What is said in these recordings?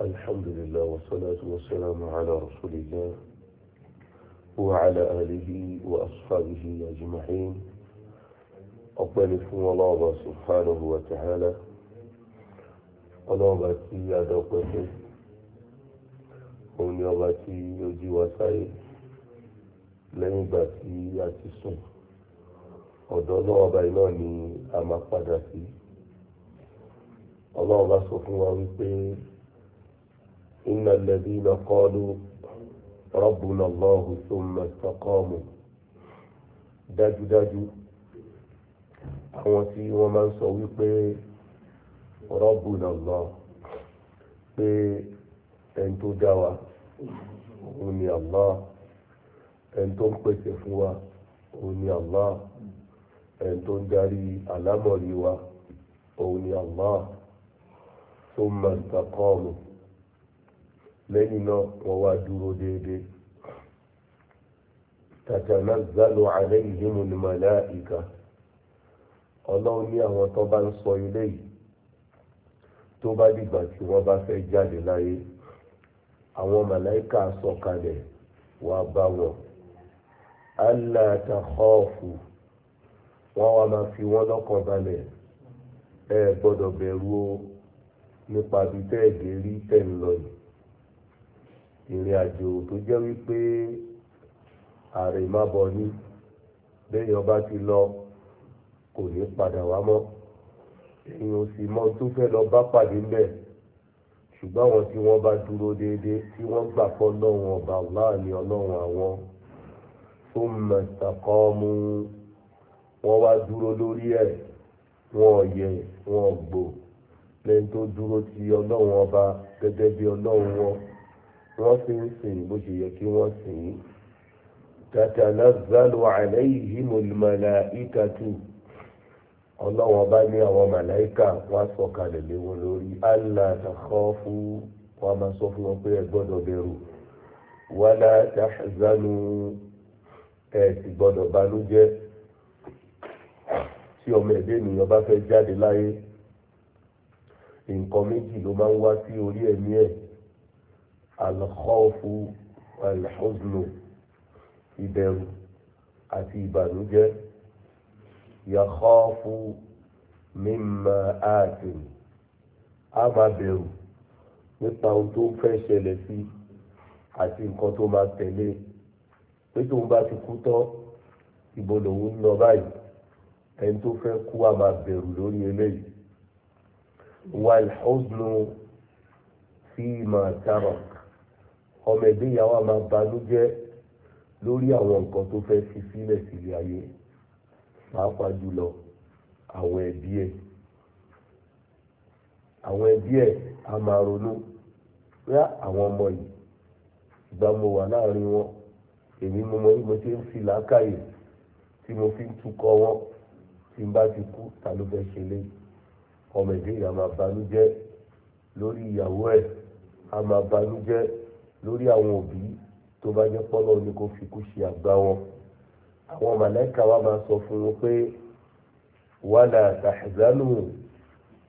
الحمد لله والصلاة والسلام على رسول الله وعلى آله وأصحابه أجمعين أقبل فو الله سبحانه وتعالى ọlọ́ọ̀bá tí a dọ́pẹ́ fún òun ni ọba tí ó jí wa sáyé lẹ́yìn ìgbà tí a ti sùn ọ̀dọ̀ ọlọ́ọ̀bá yìí náà ni a máa padà sí ọlọ́ọ̀bá sọ fún wa wípé إن الذين قالوا ربنا الله ثم استقاموا dájúdájú àwọn tí wọ́n máa ń sọ wípé ربنا الله pé ẹni tó dá wa òun ni Allah ẹni tó ń pèsè fún wa òun ni Allah ẹni tó ń darí àlámọ̀rí wa òun ni Allah ثم استقاموا lẹ́yìn náà wọ́n wá dúró déédéé tatanazzalu alayhimul malaika ọlọ́run ní àwọn tó bá ń sọ ilé yìí tó bá dìgbà tí wọ́n bá fẹ́ jáde láyé àwọn màláìka sọ̀kalẹ̀ wá bá wọn alla takhafu wọ́n wá máa fi wọ́n lọ́kàn balẹ̀ ẹ gbọ́dọ̀ bẹ̀rù o nípa bí tẹ́ẹ̀dé tẹ̀ ń lọ yìí ìrìn àjò tó jẹ́ wípé ààrẹ ìmábọ̀ ní lẹ́yìn ọba ti lọ kò ní padà wá mọ́ èyàn ò sì mọ tó fẹ́ lọ bá pàdé ńbẹ̀ ṣùgbọ́n àwọn tí wọ́n bá dúró déédéé tí wọ́n gbà fọ́ lọ́wọ́n ọba láàánú ọlọ́run àwọn tó mẹ̀sàkọ́ mú wọ́n wá dúró lórí ẹ̀ wọ́n yẹ wọ́n gbò lẹ́yìn tó dúró ti ọlọ́run ọba gẹ́gẹ́ bí ọlọ́run wọn wọ́n fi ń sìn bó ṣe yẹ kí wọ́n sìn ín tatanazzalu alayhim almalaikatu ọlọ́wọ́n bá ní àwọn màláìka wọ́n á sọ̀kalẹ̀ lé wọn lórí allah takhafu wọ́n á máa sọ fún wọn pé ẹ gbọ́dọ̀ bẹ̀rù wala tahzanu ẹ sì gbọ́dọ̀ banújẹ́ tí ọmọ ẹ̀dẹ́ ènìyàn bá fẹ́ jáde láyé nǹkan méjì ló máa ń wá sí orí ẹ̀mí ẹ̀ alkhawfu alhuznu ìbẹ̀rù àti ìbànújẹ́ yakhawfu mimma atin a máa bẹ̀rù nípa ohun tó fẹ́ ṣẹlẹ̀ sí àti nǹkan tó máa tẹ̀lé pé tóun bá ti kú tán ibo lòun ń lọ báyìí ẹni tó fẹ́ kú a máa bẹ̀rù lórí eléyìí wal huznu fima ọmọ ẹ̀dẹ́ ìyàwó a máa banújẹ́ lórí àwọn nǹkan tó fẹ́ fi sílẹ̀ sílé ayé pàápàá jùlọ àwọn ẹbí ẹ̀ àwọn ẹbí ẹ̀ a máa ronú rá àwọn ọmọ yìí ìgbà mo wà láàrin wọn èmi mo mọ bí mo ṣe ń fi làákàyè tí mo fi ń túkọ̀ wọn tí n bá ti kú ta ló fẹ́ ṣe lé ọmọ ẹ̀dẹ́ ìyàwó a máa banújẹ́ lórí ìyàwó ẹ̀ a máa banújẹ́ lórí àwọn òbí tó bá jẹ́ pọ́lọ́ ni kò fi kú ṣe àgbà wọn àwọn màláìka wa máa sọ fún wọn pé wàlà tahzanu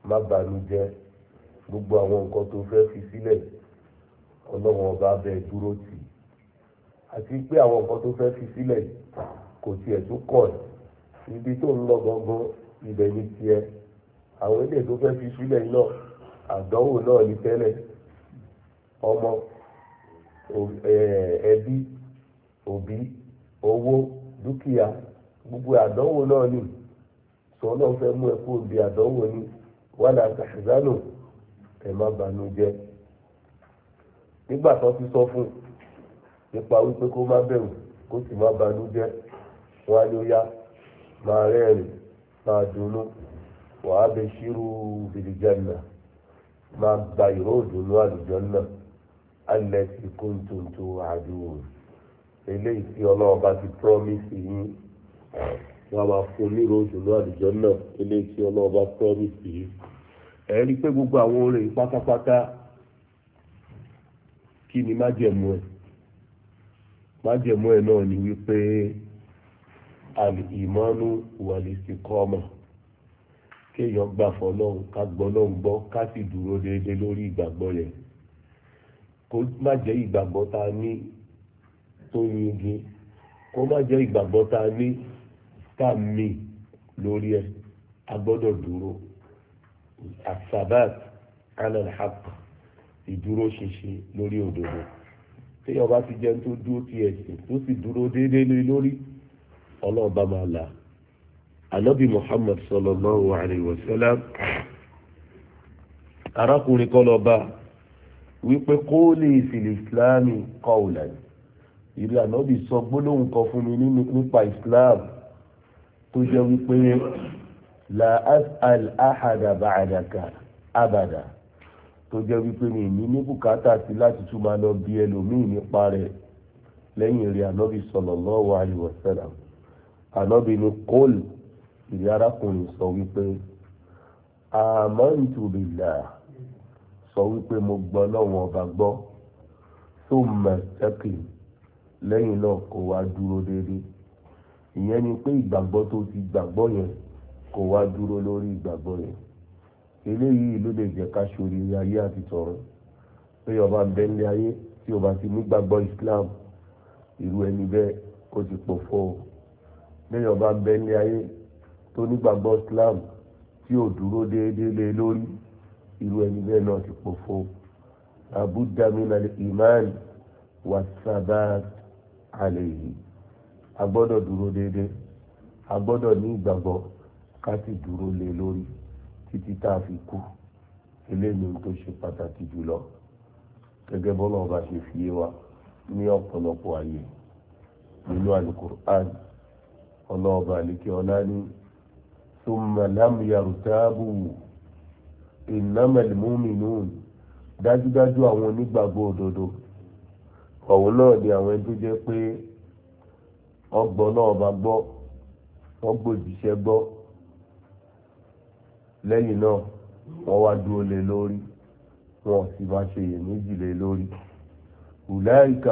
má bànújẹ́ gbogbo àwọn nǹkan tó fẹ́ fi sílẹ̀ ọlọ́run ọba bẹ́ẹ̀ dúró tì í àti pé àwọn nǹkan tó fẹ́ fi sílẹ̀ kò tiẹ̀ tó kọ̀ ibi tó ń lọ gangan ibẹ̀ ní tiẹ̀ àwọn ilé tó fẹ́ fi sílẹ̀ náà àdánwò náà ní tẹ́lẹ̀ ọmọ Eh, ẹbí òbí owó dúkìá gbogbo àdánwò náà ni sọ náà fẹ́ mú ẹ kó o di àdánwò ni wàhálà kàṣìdánù ẹ má banú nígbà tó ti sọ fún nípa wípé kó má bẹ̀rù kó sì má banú ní alẹ́tì kóńtóńtó àdúró eléyìí tí ọlọ́run bá ti promise yín wọ́n máa fún nírò òdùnú àdìjọ́ náà eléyìí tí ọlọ́run bá promise yín ẹ̀ rí i pé gbogbo àwọn orin pátápátá kí ni májẹ̀mú ẹ̀ májẹ̀mú ẹ̀ náà ni wípé alìmọ́nú wàlìsíkọ́mọ̀ kéèyàn gbà fọlọ́run ká gbọ́ lọ́hùn gbọ́ ká sì dúró déédéé lórí ìgbàgbọ́ yẹn kó má jẹ́ ìgbàgbọ́ tá a ní tó yege kó má jẹ́ ìgbàgbọ́ tá a ní tá a mì lórí ẹ̀ a gbọ́dọ̀ dúró asabat alalhaq ìdúró ṣinṣin lórí òdodo téèyàn bá ti jẹun tó dúró ti ẹ̀sìn tó sì dúró déédéé lórí ọlọ́ọ̀bá máa là anabi muhammad sallallahu alayhi wa sallam arákùnrin kọ́ lọ́ọ́ wípé quli fil islam qawlan ìrìn ànábì sọ gbólóhùn kan fún mi nípa islam tó jẹ́ wípé la as'al ahada ba'daka abada tó jẹ́ wípé mi ní ní bùkátà sí láti tún máa lọ bí ẹlòmíì nípa rẹ̀ lẹ́yìn rí ànábì sallallahu alaihi wasallam ànábì ní kóòlù ìrìn arákùnrin sọ wípé amantu billah sọ wípé mo gbọ́ lọ́wọ́ ọba gbọ́ tó mọ̀ ṣẹ́kì lẹ́yìn náà kó wá dúró déédéé ìyẹn ni pé ìgbàgbọ́ tó ti gbàgbọ́ yẹn kó wá dúró lórí ìgbàgbọ́ yẹn eléyìí ló lè jẹ́ ká ṣòrí ayé àti tọ̀run pé ọba ń bẹ́ńdé ayé tí o bá ti nígbàgbọ́ Islam irú ẹni bẹ́ẹ̀ ó ti pòfo o lẹ́yìn ọba ń bẹ́ńdé ayé tó nígbàgbọ́ Islam tí ò dúró déédéé lé lórí irú ẹni bẹ́ẹ̀ náà ti pòfo àbúdá mina ìmáàlì wà sábà àlè yìí a gbọ́dọ̀ dúró déédéé a gbọ́dọ̀ ní ìgbàgbọ́ ká sì dúró lé lórí títí tá a fi kú eléyìí tó ṣe pàtàkì jùlọ gẹ́gẹ́ bọ́lá ọba ṣe fi yé wa ní ọ̀pọ̀lọpọ̀ àyè nínú alukur'an ọlọ́ọ̀ba àlekè ọlá ní summa lam yartabu innamal mu'minun dájúdájú àwọn onígbàgbọ́ òdodo ọ̀hún náà ni àwọn ẹni tó jẹ́ pé ọgbọ́n náà bá gbọ́ wọ́n gbòjìṣẹ́ gbọ́ lẹ́yìn náà wọ́n wá dúró lé lórí wọ́n sì máa ṣe iyèméjì lé lórí ulaika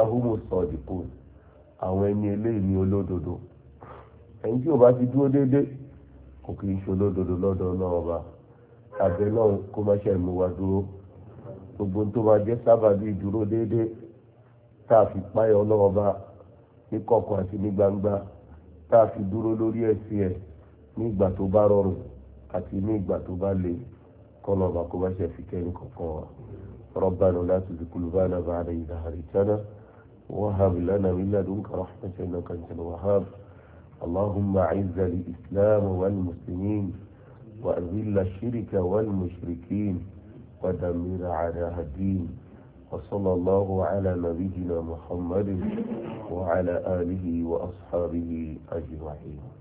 àwọn ẹni eléyìí ni olódodo ẹni tí bá ti dúró déédéé àbẹ̀ náà kó má ṣe mú wa dúró gbogbo tó máa jẹ́ sábàbí ìdúró déédéé tá a fi páyọ̀ ọlọ́wọ́ bá ní kọ̀ọ̀kan àti ní gbangba tá a fi dúró lórí ẹ̀sìn ẹ̀ ní ìgbà tó bá rọrùn àti ní ìgbà tó bá le kọ́nà ọba kó má ṣe fi kẹ́yìn kọ̀ọ̀kan wa rabbana la tuzigh qulubana ba'da idh hadaytana wa hab lana min ladunka rahmatan innaka antal wahhab allahumma a'izz al-islam wal muslimin وأذل الشرك والمشركين ودمر على الدين وصلى الله على نبينا محمد وعلى آله وأصحابه أجمعين